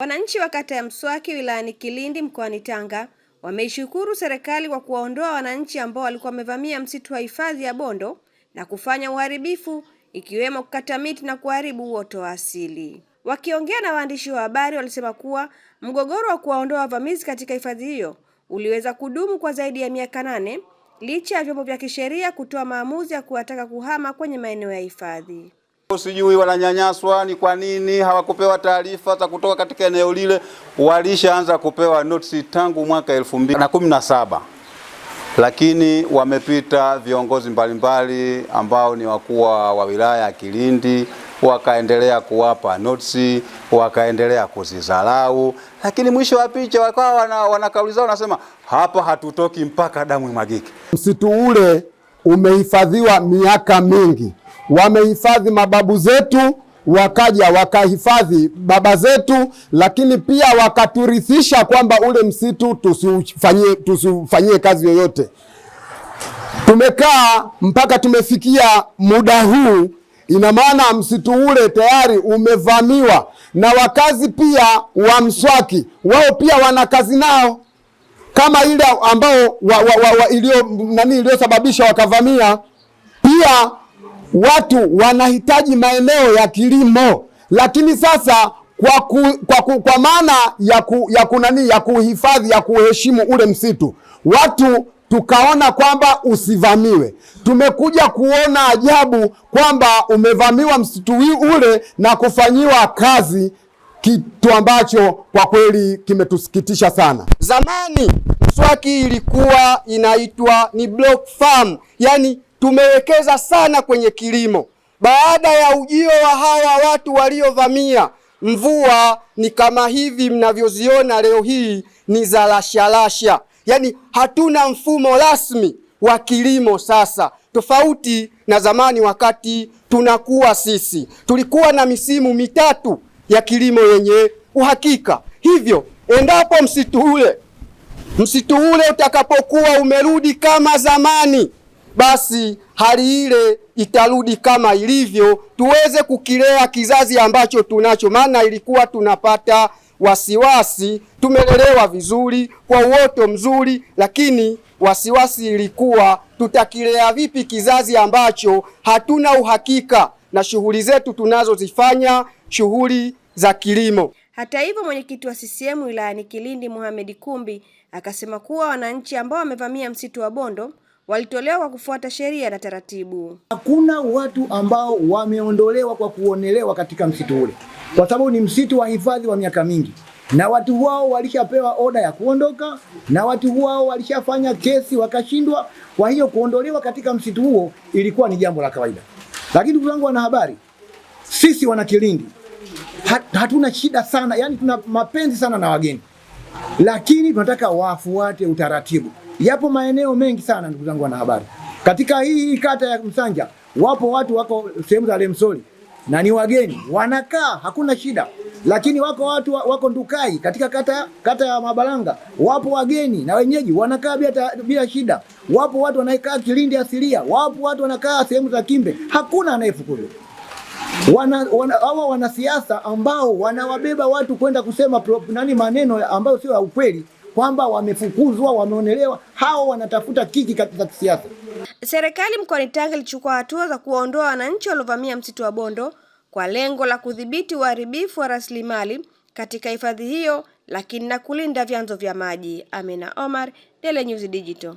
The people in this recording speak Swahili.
Wananchi wa kata ya Mswaki wilayani Kilindi mkoani Tanga wameishukuru serikali kwa kuwaondoa wananchi ambao walikuwa wamevamia msitu wa hifadhi ya Bondo na kufanya uharibifu ikiwemo kukata miti na kuharibu uoto wa asili. Wakiongea na waandishi wa habari, walisema kuwa mgogoro wa kuwaondoa wavamizi katika hifadhi hiyo uliweza kudumu kwa zaidi ya miaka nane licha ya vyombo vya kisheria kutoa maamuzi ya kuwataka kuhama kwenye maeneo ya hifadhi sijui wananyanyaswa, ni kwa nini hawakupewa taarifa za kutoka katika eneo lile. Walishaanza kupewa notisi tangu mwaka elfu mbili na kumi na saba lakini wamepita viongozi mbalimbali ambao ni wakuu wa wilaya ya Kilindi wakaendelea kuwapa notisi, wakaendelea kuzidharau, lakini mwisho wa picha wakawa wana, wanakauliza wanasema hapa hatutoki mpaka damu imwagike. Msitu ule umehifadhiwa miaka mingi wamehifadhi mababu zetu wakaja wakahifadhi baba zetu, lakini pia wakaturithisha kwamba ule msitu tusifanyie kazi yoyote. Tumekaa mpaka tumefikia muda huu, ina maana msitu ule tayari umevamiwa na wakazi pia wa Mswaki, wao pia wana kazi nao kama ile ambao wa, wa, wa, wa, nani iliyosababisha wakavamia pia watu wanahitaji maeneo ya kilimo, lakini sasa kwa, ku, kwa, ku, kwa maana ya ku, ya kunani ya kuhifadhi ya kuheshimu ule msitu, watu tukaona kwamba usivamiwe. Tumekuja kuona ajabu kwamba umevamiwa msitu ule na kufanyiwa kazi, kitu ambacho kwa kweli kimetusikitisha sana. Zamani Mswaki ilikuwa inaitwa ni block farm, yani tumewekeza sana kwenye kilimo. Baada ya ujio wa hawa watu waliovamia, mvua ni kama hivi mnavyoziona leo hii, ni za rasharasha, yaani hatuna mfumo rasmi wa kilimo sasa, tofauti na zamani. Wakati tunakuwa sisi tulikuwa na misimu mitatu ya kilimo yenye uhakika. Hivyo endapo msitu ule msitu ule utakapokuwa umerudi kama zamani basi hali ile itarudi kama ilivyo, tuweze kukilea kizazi ambacho tunacho. Maana ilikuwa tunapata wasiwasi, tumelelewa vizuri kwa uoto mzuri, lakini wasiwasi ilikuwa tutakilea vipi kizazi ambacho hatuna uhakika na shughuli zetu tunazozifanya, shughuli za kilimo. Hata hivyo, mwenyekiti wa CCM wilayani Kilindi Mohamed Kumbi akasema kuwa wananchi ambao wamevamia msitu wa Bondo walitolewa kwa kufuata sheria na taratibu. Hakuna watu ambao wameondolewa kwa kuonelewa katika msitu ule, kwa sababu ni msitu wa hifadhi wa miaka mingi, na watu wao walishapewa oda ya kuondoka, na watu wao walishafanya kesi wakashindwa. Kwa hiyo kuondolewa katika msitu huo ilikuwa ni jambo la kawaida. Lakini ndugu zangu wanahabari, sisi Wanakilindi hatuna shida sana, yani tuna mapenzi sana na wageni, lakini tunataka wafuate utaratibu. Yapo maeneo mengi sana ndugu zangu wanahabari, katika hii kata ya Msanja wapo watu wako sehemu za Lemsoli na ni wageni wanakaa, hakuna shida, lakini wako watu wako Ndukai katika kata, kata ya Mabalanga wapo wageni na wenyeji wanakaa bila, bila shida. Wapo watu wanaekaa Kilindi asilia, wapo watu wanakaa sehemu za Kimbe, hakuna anayefukuzwa. Wana, wana, hawa wanasiasa ambao wanawabeba watu kwenda kusema pro, nani maneno ambayo sio ya ukweli kwamba wamefukuzwa, wameonelewa, hao wanatafuta kiki katika kisiasa. Serikali mkoani Tanga ilichukua hatua za kuwaondoa wananchi waliovamia msitu wa Bondo kwa lengo la kudhibiti uharibifu wa rasilimali katika hifadhi hiyo, lakini na kulinda vyanzo vya maji. Amina Omar, Daily News Digital.